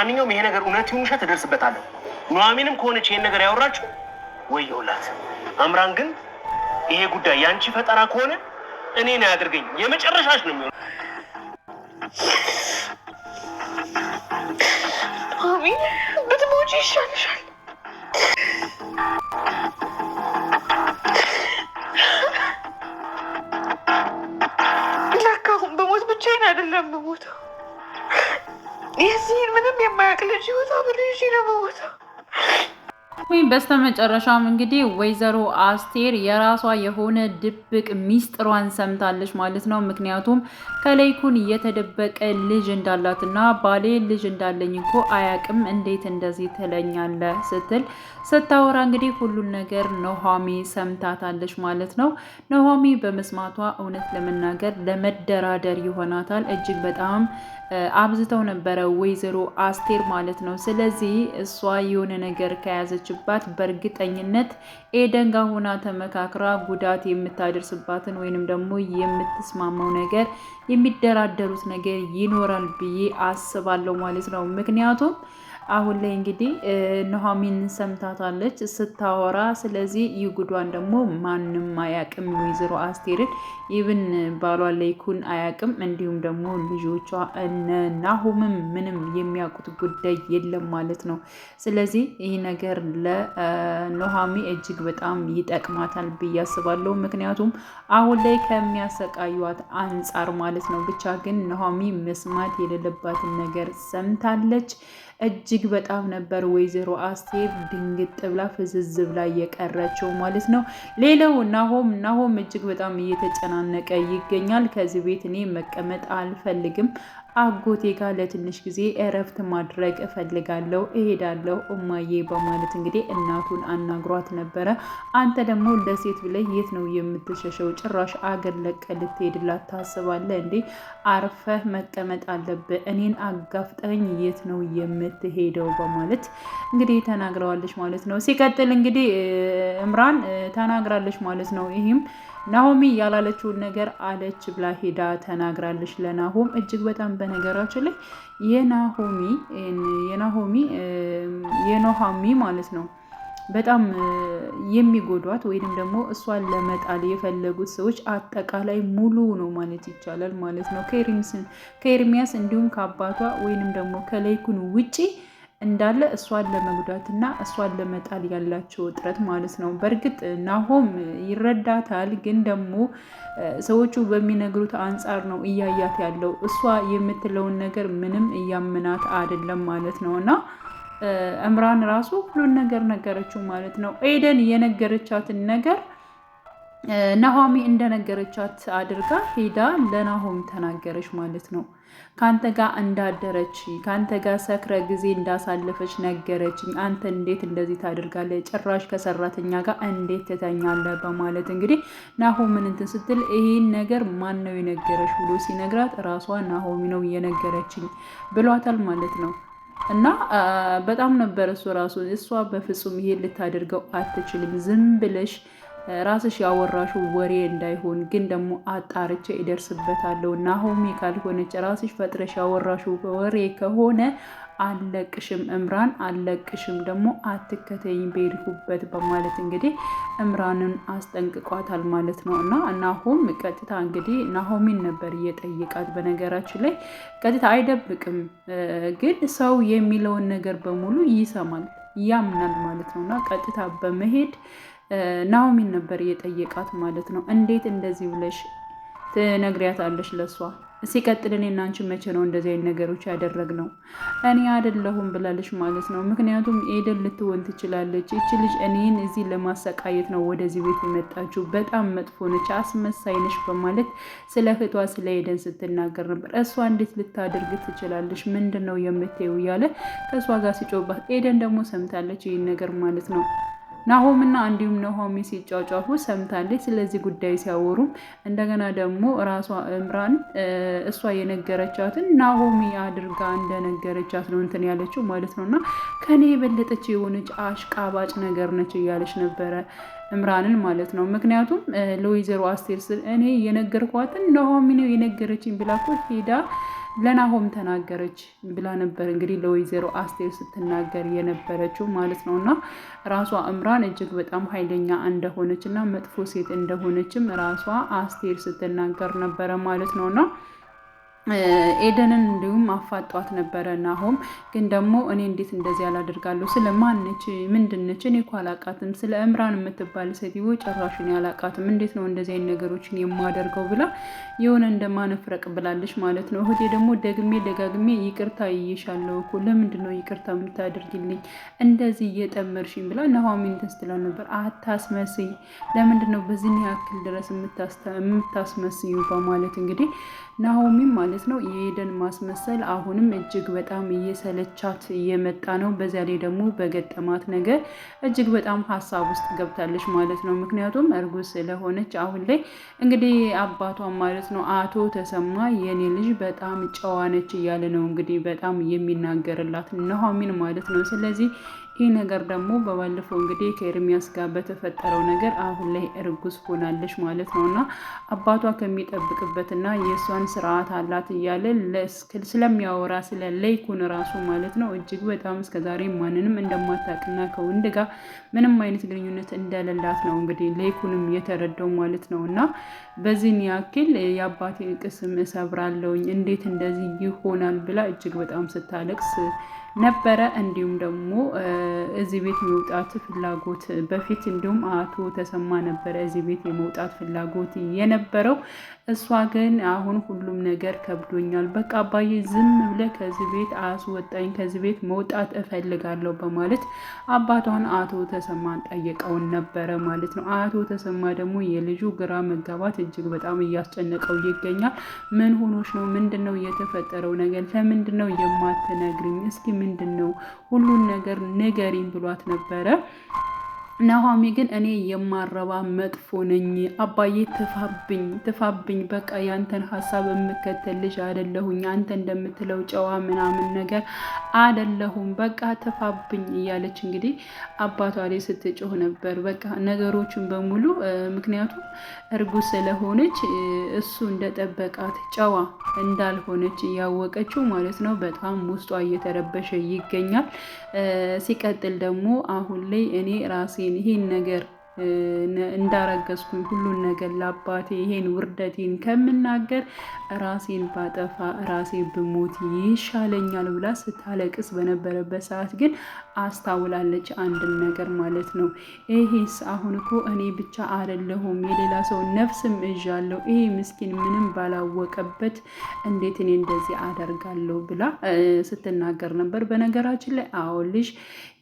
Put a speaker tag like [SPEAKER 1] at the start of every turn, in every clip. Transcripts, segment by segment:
[SPEAKER 1] ለማንኛውም ይሄ ነገር እውነት ይሁን ውሸት እደርስበታለሁ። ኑሐሚንም ከሆነች ይሄን ነገር ያወራችው ወየውላት። አምራን ግን ይሄ ጉዳይ ያንቺ ፈጠራ ከሆነ እኔ ነው ያድርገኝ፣ የመጨረሻች ነው የሚሆነው።
[SPEAKER 2] ኑሐሚ ብትሞጪ ይሻልሻል። ለካ አሁን በሞት ብቻዬን አይደለም በሞተው የዚህን ምንም የማያውቅ ልጅ
[SPEAKER 3] በስተመጨረሻም እንግዲህ ወይዘሮ አስቴር የራሷ የሆነ ድብቅ ሚስጥሯን ሰምታለች ማለት ነው። ምክንያቱም ከለይኩን የተደበቀ ልጅ እንዳላትና ባሌ ልጅ እንዳለኝ እኮ አያውቅም እንዴት እንደዚህ ትለኛለ ስትል ስታወራ እንግዲህ ሁሉን ነገር ነሆሜ ሰምታታለች ማለት ነው። ነሆሜ በመስማቷ እውነት ለመናገር ለመደራደር ይሆናታል እጅግ በጣም አብዝተው ነበረ ወይዘሮ አስቴር ማለት ነው። ስለዚህ እሷ የሆነ ነገር ከያዘችባት በእርግጠኝነት ኤደን ጋር ሆና ተመካክራ ጉዳት የምታደርስባትን ወይንም ደግሞ የምትስማማው ነገር የሚደራደሩት ነገር ይኖራል ብዬ አስባለሁ ማለት ነው ምክንያቱም አሁን ላይ እንግዲህ ኑሐሚን ሰምታታለች ስታወራ። ስለዚህ ይጉዷን ደግሞ ማንም አያቅም። ወይዘሮ አስቴርን ኢብን ባሏ ለይኩን አያቅም። እንዲሁም ደግሞ ልጆቿ እነ ናሁምም ምንም የሚያውቁት ጉዳይ የለም ማለት ነው። ስለዚህ ይህ ነገር ለኑሐሚ እጅግ በጣም ይጠቅማታል ብዬ አስባለሁ። ምክንያቱም አሁን ላይ ከሚያሰቃዩት አንጻር ማለት ነው። ብቻ ግን ኑሐሚ መስማት የሌለባትን ነገር ሰምታለች እጅግ እጅግ በጣም ነበር ወይዘሮ አስቴር ድንግጥ ብላ ፍዝዝ ብላ እየቀረችው ማለት ነው። ሌላው ናሆም ናሆም እጅግ በጣም እየተጨናነቀ ይገኛል። ከዚህ ቤት እኔ መቀመጥ አልፈልግም አጎቴ ጋር ለትንሽ ጊዜ እረፍት ማድረግ እፈልጋለሁ እሄዳለሁ እማዬ በማለት እንግዲህ እናቱን አናግሯት ነበረ። አንተ ደግሞ ለሴት ብለህ የት ነው የምትሸሸው? ጭራሽ አገር ለቀ ልትሄድላት ታስባለህ እንዴ? አርፈህ መቀመጥ አለብህ። እኔን አጋፍጠኝ የት ነው የምትሄደው? በማለት እንግዲህ ተናግረዋለች ማለት ነው። ሲቀጥል እንግዲህ እምራን ተናግራለች ማለት ነው። ይህም ናሆሚ ያላለችውን ነገር አለች ብላ ሄዳ ተናግራለች ለናሆም እጅግ በጣም በነገራችን ላይ የናሆሚ የናሆሚ የኖሃሚ ማለት ነው በጣም የሚጎዷት ወይንም ደግሞ እሷን ለመጣል የፈለጉት ሰዎች አጠቃላይ ሙሉ ነው ማለት ይቻላል ማለት ነው ከኤርሚያስ እንዲሁም ከአባቷ ወይንም ደግሞ ከላይኩን ውጪ እንዳለ እሷን እና እሷን ለመጣል ያላቸው ጥረት ማለት ነው። በእርግጥ ናሆም ይረዳታል፣ ግን ደግሞ ሰዎቹ በሚነግሩት አንጻር ነው እያያት ያለው። እሷ የምትለውን ነገር ምንም እያምናት አይደለም ማለት ነው እና እምራን ራሱ ሁሉን ነገር ነገረችው ማለት ነው። ኤደን የነገረቻትን ነገር ናሆሚ እንደነገረቻት አድርጋ ሄዳ ለናሆም ተናገረች ማለት ነው። ከአንተ ጋር እንዳደረች ከአንተ ጋር ሰክረ ጊዜ እንዳሳለፈች ነገረችኝ። አንተ እንዴት እንደዚህ ታደርጋለህ? ጭራሽ ከሰራተኛ ጋር እንዴት ትተኛለህ? በማለት እንግዲህ ናሆምን እንትን ስትል ይሄን ነገር ማን ነው የነገረች ብሎ ሲነግራት ራሷ ናሆሚ ነው የነገረችኝ ብሏታል ማለት ነው። እና በጣም ነበር እሱ ራሱ እሷ በፍጹም ይሄን ልታደርገው አትችልም ዝም ብለሽ ራስሽ ያወራሹ ወሬ እንዳይሆን ግን ደግሞ አጣርቼ ይደርስበታለሁ። ናሆሜ ካልሆነች ራስሽ ፈጥረሽ ያወራሹ ወሬ ከሆነ አለቅሽም፣ እምራን አለቅሽም፣ ደግሞ አትከተኝ በሄድኩበት በማለት እንግዲህ እምራንን አስጠንቅቋታል ማለት ነው። እና ናሆም ቀጥታ እንግዲህ ናሆሚን ነበር እየጠየቃት። በነገራችን ላይ ቀጥታ አይደብቅም፣ ግን ሰው የሚለውን ነገር በሙሉ ይሰማል፣ ያምናል ማለት ነው እና ቀጥታ በመሄድ ናኦሚን ነበር እየጠየቃት ማለት ነው። እንዴት እንደዚህ ብለሽ ትነግሪያታለሽ ለሷ? ሲቀጥል እኔ እና አንቺ መቼ ነው እንደዚህ አይነት ነገሮች ያደረግነው? እኔ አይደለሁም ብላለች ማለት ነው። ምክንያቱም ኤደን ልትሆን ትችላለች። ይች ልጅ እኔን እዚህ ለማሰቃየት ነው ወደዚህ ቤት የመጣችው፣ በጣም መጥፎ ነች፣ አስመሳይ ነች በማለት ስለ እህቷ ስለ ኤደን ስትናገር ነበር። እሷ እንዴት ልታደርግ ትችላለች? ምንድን ነው የምትይው? እያለ ከእሷ ጋር ሲጮባት፣ ኤደን ደግሞ ሰምታለች ይህን ነገር ማለት ነው። ናሆምና እንዲሁም ነሆሚ ሲጫጫፉ ሰምታለች። ስለዚህ ጉዳይ ሲያወሩም እንደገና ደግሞ ራሷ እምራን እሷ የነገረቻትን ናሆሚ አድርጋ እንደነገረቻት ነው እንትን ያለችው ማለት ነው። እና ከኔ የበለጠች የሆነች አሽቃባጭ ነገር ነች እያለች ነበረ እምራንን ማለት ነው። ምክንያቱም ለወይዘሮ አስቴር ስል እኔ የነገርኳትን ናሆሚ ነው የነገረችኝ ብላ እኮ ሄዳ ለናሆም ተናገረች ብላ ነበር እንግዲህ ለወይዘሮ አስቴር ስትናገር የነበረችው ማለት ነው። እና ራሷ እምራን እጅግ በጣም ኃይለኛ እንደሆነች እና መጥፎ ሴት እንደሆነችም ራሷ አስቴር ስትናገር ነበረ ማለት ነው እና ኤደንን እንዲሁም አፋጧት ነበረ። ናሆም ግን ደግሞ እኔ እንዴት እንደዚህ ያላደርጋለሁ? ስለማነች ምንድነች? እኔ እኮ አላቃትም። ስለ እምራን የምትባል ሴትዮ ጨራሽን ያላቃትም። እንዴት ነው እንደዚህ አይነት ነገሮችን የማደርገው ብላ የሆነ እንደማነፍረቅ ብላለች ማለት ነው። እህቴ ደግሞ ደግሜ ደጋግሜ ይቅርታ ይይሻለሁ እኮ ለምንድን ነው ይቅርታ የምታደርግልኝ እንደዚህ እየጠመርሽኝ? ብላ ናሆምን ተስትላ ነበር። አታስመስይ፣ ለምንድን ነው በዚህ ያክል ድረስ የምታስመስዩ? በማለት እንግዲህ ናሆሚም ማለት ማለት ነው። የኤደን ማስመሰል አሁንም እጅግ በጣም እየሰለቻት እየመጣ ነው። በዚያ ላይ ደግሞ በገጠማት ነገር እጅግ በጣም ሀሳብ ውስጥ ገብታለች ማለት ነው። ምክንያቱም እርጉዝ ስለሆነች አሁን ላይ እንግዲህ አባቷን ማለት ነው አቶ ተሰማ የኔ ልጅ በጣም ጨዋነች እያለ ነው እንግዲህ በጣም የሚናገርላት ኑሐሚን ማለት ነው። ስለዚህ ይህ ነገር ደግሞ በባለፈው እንግዲህ ከኤርሚያስ ጋር በተፈጠረው ነገር አሁን ላይ እርጉዝ ሆናለች ማለት ነው እና አባቷ ከሚጠብቅበትና የእሷን ስርዓት አላት እያለ ስለሚያወራ ስለ ለይኩን ራሱ ማለት ነው እጅግ በጣም እስከዛሬ ማንንም እንደማታውቅና ከወንድ ጋር ምንም አይነት ግንኙነት እንደሌላት ነው እንግዲህ ለይኩንም የተረዳው ማለት ነው እና በዚህን ያክል የአባቴን ቅስም እሰብራለሁኝ እንዴት እንደዚህ ይሆናል ብላ እጅግ በጣም ስታለቅስ ነበረ። እንዲሁም ደግሞ እዚህ ቤት የመውጣት ፍላጎት በፊት እንዲሁም አቶ ተሰማ ነበረ እዚህ ቤት የመውጣት ፍላጎት የነበረው። እሷ ግን አሁን ሁሉም ነገር ከብዶኛል፣ በቃ አባዬ ዝም ብለህ ከዚህ ቤት አስወጣኝ፣ ከዚህ ቤት መውጣት እፈልጋለሁ በማለት አባቷን አቶ ተሰማን ጠየቀውን ነበረ ማለት ነው። አቶ ተሰማ ደግሞ የልጁ ግራ መጋባት እጅግ በጣም እያስጨነቀው ይገኛል። ምን ሆኖች ነው? ምንድን ነው የተፈጠረው ነገር? ለምንድን ነው የማትነግርኝ? እስኪ ምንድን ነው ሁሉን ነገር ንገሪኝ ብሏት ነበረ። ናሆሚ ግን እኔ የማረባ መጥፎ ነኝ፣ አባዬ ትፋብኝ ትፋብኝ፣ በቃ ያንተን ሀሳብ የምከተል ልጅ አይደለሁኝ፣ አንተ እንደምትለው ጨዋ ምናምን ነገር አይደለሁም፣ በቃ ትፋብኝ እያለች እንግዲህ አባቷ ላይ ስትጮህ ነበር። በቃ ነገሮችን በሙሉ ምክንያቱም እርጉዝ ስለሆነች እሱ እንደጠበቃት ጨዋ እንዳልሆነች እያወቀችው ማለት ነው። በጣም ውስጧ እየተረበሸ ይገኛል። ሲቀጥል ደግሞ አሁን ላይ እኔ ራሴን ይህን ነገር እንዳረገዝኩኝ ሁሉን ነገር ለአባቴ ይሄን ውርደቴን ከምናገር ራሴን ባጠፋ ራሴ ብሞት ይሻለኛል ብላ ስታለቅስ በነበረበት ሰዓት ግን አስታውላለች አንድን ነገር ማለት ነው። ይሄስ አሁን እኮ እኔ ብቻ አይደለሁም የሌላ ሰው ነፍስም እዣለሁ። ይሄ ምስኪን ምንም ባላወቀበት እንዴት እኔ እንደዚህ አደርጋለሁ ብላ ስትናገር ነበር። በነገራችን ላይ አዎ ልጅ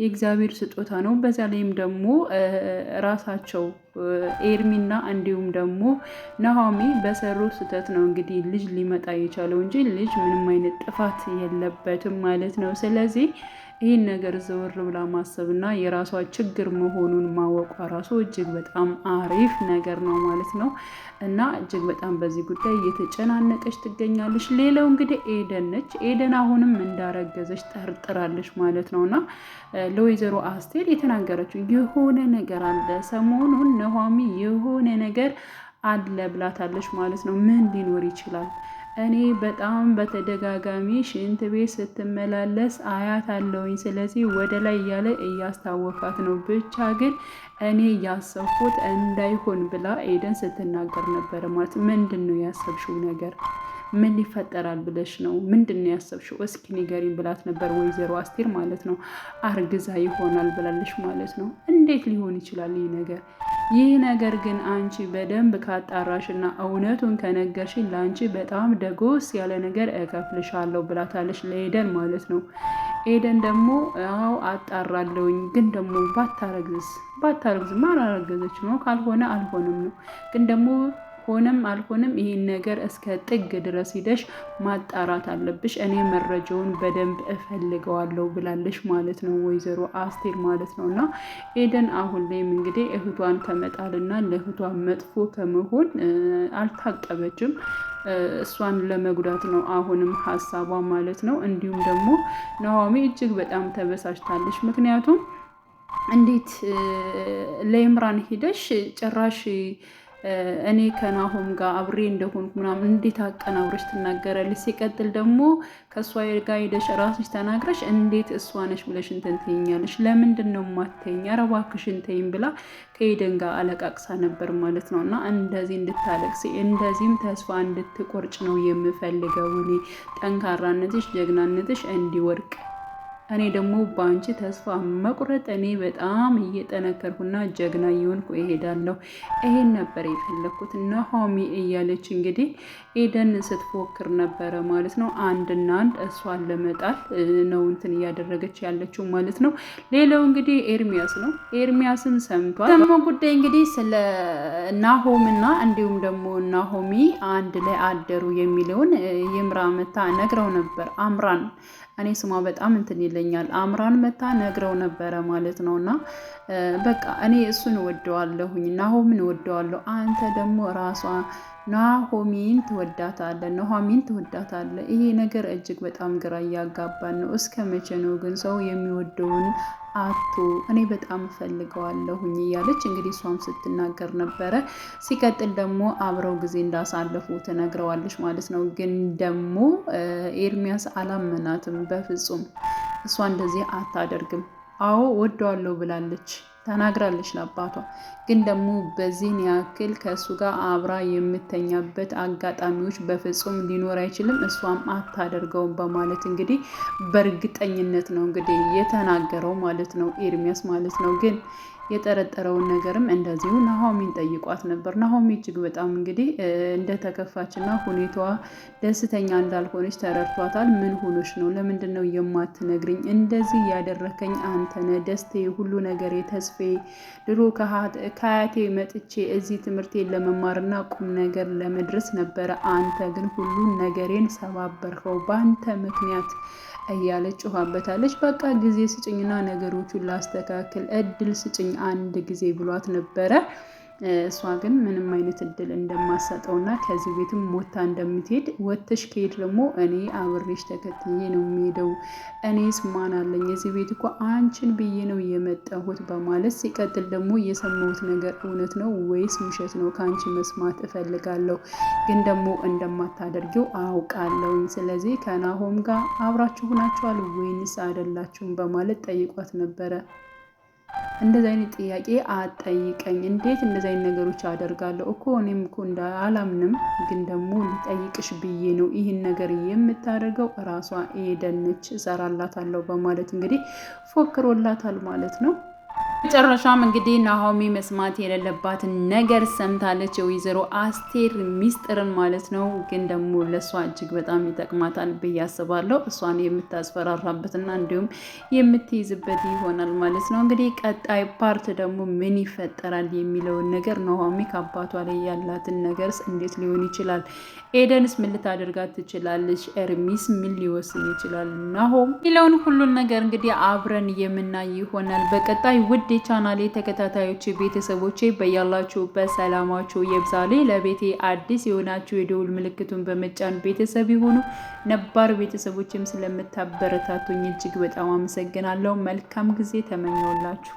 [SPEAKER 3] የእግዚአብሔር ስጦታ ነው። በዚያ ላይም ደግሞ ራሳቸው ኤርሚና እንዲሁም ደግሞ ናሆሚ በሰሩ ስህተት ነው እንግዲህ ልጅ ሊመጣ የቻለው እንጂ ልጅ ምንም አይነት ጥፋት የለበትም ማለት ነው። ስለዚህ ይህን ነገር ዘወር ብላ ማሰብና የራሷ ችግር መሆኑን ማወቋ ራሱ እጅግ በጣም አሪፍ ነገር ነው ማለት ነው። እና እጅግ በጣም በዚህ ጉዳይ እየተጨናነቀች ትገኛለች። ሌላው እንግዲህ ኤደን ነች። ኤደን አሁንም እንዳረገዘች ጠርጥራለች ማለት ነው። እና ለወይዘሮ አስቴር የተናገረችው የሆነ ነገር አለ፣ ሰሞኑን ነኋሚ የሆነ ነገር አለ ብላታለች ማለት ነው። ምን ሊኖር ይችላል? እኔ በጣም በተደጋጋሚ ሽንት ቤት ስትመላለስ አያት አለውኝ። ስለዚህ ወደ ላይ እያለ እያስታወካት ነው። ብቻ ግን እኔ ያሰብኩት እንዳይሆን ብላ ኤደን ስትናገር ነበረ። ማለት ምንድን ነው ያሰብሽው ነገር? ምን ይፈጠራል ብለሽ ነው? ምንድን ነው ያሰብሽው? እስኪ ንገሪኝ ብላት ነበር ወይዘሮ አስቴር ማለት ነው። አርግዛ ይሆናል ብላለሽ ማለት ነው። እንዴት ሊሆን ይችላል ይህ ነገር? ይህ ነገር ግን አንቺ በደንብ ካጣራሽና እውነቱን ከነገርሽኝ ለአንቺ በጣም ደጎስ ያለ ነገር እከፍልሻለሁ ብላታለች ለኤደን ማለት ነው። ኤደን ደግሞ አዎ አጣራለሁኝ፣ ግን ደግሞ ባታረግዝ ባታረግዝ ማን አረገዘች ነው ካልሆነ አልሆነም ነው ግን ደግሞ ሆነም አልሆነም ይህን ነገር እስከ ጥግ ድረስ ሂደሽ ማጣራት አለብሽ፣ እኔ መረጃውን በደንብ እፈልገዋለሁ ብላለች ማለት ነው ወይዘሮ አስቴር ማለት ነው። እና ኤደን አሁን ላይም እንግዲህ እህቷን ከመጣልና ለእህቷ መጥፎ ከመሆን አልታቀበችም። እሷን ለመጉዳት ነው አሁንም ሀሳቧ ማለት ነው። እንዲሁም ደግሞ ናሆሚ እጅግ በጣም ተበሳጭታለች። ምክንያቱም እንዴት ለይምራን ሂደሽ ጭራሽ እኔ ከናሆም ጋር አብሬ እንደሆንኩ ምናምን እንዴት አቀናብረሽ ትናገራለች። ሲቀጥል ደግሞ ከእሷ ጋር ሄደሽ ራስሽ ተናግረሽ እንዴት እሷ ነሽ ብለሽ እንትን ትይኛለሽ? ለምንድን ነው ማተኝ? ኧረ እባክሽን ተይኝ ብላ ከሄደን ጋር አለቃቅሳ ነበር ማለት ነው። እና እንደዚህ እንድታለቅሲ እንደዚህም ተስፋ እንድትቆርጭ ነው የምፈልገው እኔ ጠንካራነትሽ፣ ጀግናነትሽ እንዲወርቅ እኔ ደግሞ በአንቺ ተስፋ መቁረጥ እኔ በጣም እየጠነከርኩና ጀግና እየሆንኩ እሄዳለሁ። ይሄን ነበር የፈለግኩት ናሆሚ እያለች እንግዲህ ኤደን ስትፎክር ነበረ ማለት ነው። አንድና አንድ እሷን ለመጣል ነው እንትን እያደረገች ያለችው ማለት ነው። ሌላው እንግዲህ ኤርሚያስ ነው። ኤርሚያስን ሰምቷል። ሰሞኑን ጉዳይ እንግዲህ ስለ ናሆምና እንዲሁም ደግሞ ናሆሚ አንድ ላይ አደሩ የሚለውን ይምራ መታ ነግረው ነበር አምራን እኔ ስሟ በጣም እንትን ይለኛል። አምራን መታ ነግረው ነበረ ማለት ነው እና በቃ እኔ እሱን እወደዋለሁኝ፣ ናሆምን እወደዋለሁ። አንተ ደግሞ ራሷ ናሆሚን ትወዳታለ፣ ናሆሚን ትወዳታለ ይሄ ነገር እጅግ በጣም ግራ እያጋባን ነው። እስከ መቼ ነው ግን ሰው የሚወደውን አቶ እኔ በጣም እፈልገዋለሁኝ እያለች እንግዲህ እሷም ስትናገር ነበረ። ሲቀጥል ደግሞ አብረው ጊዜ እንዳሳለፉ ትነግረዋለች ማለት ነው። ግን ደግሞ ኤርሚያስ አላመናትም በፍጹም እሷ እንደዚህ አታደርግም አዎ ወደዋለሁ ብላለች ተናግራለች ለአባቷ። ግን ደግሞ በዚህን ያክል ከእሱ ጋር አብራ የምተኛበት አጋጣሚዎች በፍጹም ሊኖር አይችልም፣ እሷም አታደርገውም በማለት እንግዲህ በእርግጠኝነት ነው እንግዲህ የተናገረው ማለት ነው ኤርሚያስ ማለት ነው ግን የጠረጠረውን ነገርም እንደዚሁ ናሆሚን ጠይቋት ነበር። ናሆሚ እጅግ በጣም እንግዲህ እንደተከፋችና ሁኔታዋ ደስተኛ እንዳልሆነች ተረድቷታል። ምን ሆኖች ነው? ለምንድን ነው የማትነግርኝ? እንደዚህ ያደረከኝ አንተነ ደስቴ፣ ሁሉ ነገሬ፣ ተስፌ ድሮ ከአያቴ መጥቼ እዚህ ትምህርቴን ለመማርና ቁም ነገር ለመድረስ ነበረ። አንተ ግን ሁሉን ነገሬን ሰባበርከው በአንተ ምክንያት እያለች ጮኋበታለች። በቃ ጊዜ ስጭኝና ነገሮቹን ላስተካክል፣ እድል ስጭኝ አንድ ጊዜ ብሏት ነበረ። እሷ ግን ምንም አይነት እድል እንደማሰጠው እና ከዚህ ቤትም ሞታ እንደምትሄድ ወተሽ ከሄድ ደግሞ እኔ አብሬሽ ተከትዬ ነው የሚሄደው። እኔስ ማን አለኝ? የዚህ ቤት እኮ አንቺን ብዬ ነው የመጣሁት በማለት ሲቀጥል ደግሞ የሰማሁት ነገር እውነት ነው ወይስ ውሸት ነው? ከአንቺ መስማት እፈልጋለሁ፣ ግን ደግሞ እንደማታደርጊው አውቃለሁ ስለዚህ ከናሆም ጋር አብራችሁ ሆናችኋል ወይንስ አይደላችሁም? በማለት ጠይቋት ነበረ። እንደዚህ አይነት ጥያቄ አጠይቀኝ። እንዴት እንደዚህ አይነት ነገሮች አደርጋለሁ እኮ እኔም እኮ አላምንም፣ ግን ደግሞ ሊጠይቅሽ ብዬ ነው ይህን ነገር የምታደርገው እራሷ ኤደን ነች፣ እሰራላታለሁ በማለት እንግዲህ ፎክሮላታል ማለት ነው። መጨረሻም እንግዲህ ናሆሚ መስማት የሌለባትን ነገር ሰምታለች። የወይዘሮ አስቴር ሚስጥርን ማለት ነው። ግን ደግሞ ለእሷ እጅግ በጣም ይጠቅማታል ብዬ አስባለሁ። እሷን የምታስፈራራበትና እንዲሁም የምትይዝበት ይሆናል ማለት ነው። እንግዲህ ቀጣይ ፓርት ደግሞ ምን ይፈጠራል የሚለውን ነገር ናሆሚ ከአባቷ ላይ ያላትን ነገርስ እንዴት ሊሆን ይችላል? ኤደንስ ምን ልታደርጋት ትችላለች? ኤርሚስ ምን ሊወስን ይችላል? ናሆም የሚለውን ሁሉን ነገር እንግዲህ አብረን የምናይ ይሆናል በቀጣይ ውድ ውድ የቻናሌ ተከታታዮች ቤተሰቦቼ በያላችሁበት ሰላማችሁ የብዛሌ። ለቤቴ አዲስ የሆናችሁ የደውል ምልክቱን በመጫን ቤተሰብ የሆኑ ነባር ቤተሰቦችም ስለምታበረታቱኝ እጅግ በጣም አመሰግናለሁ። መልካም ጊዜ ተመኘውላችሁ።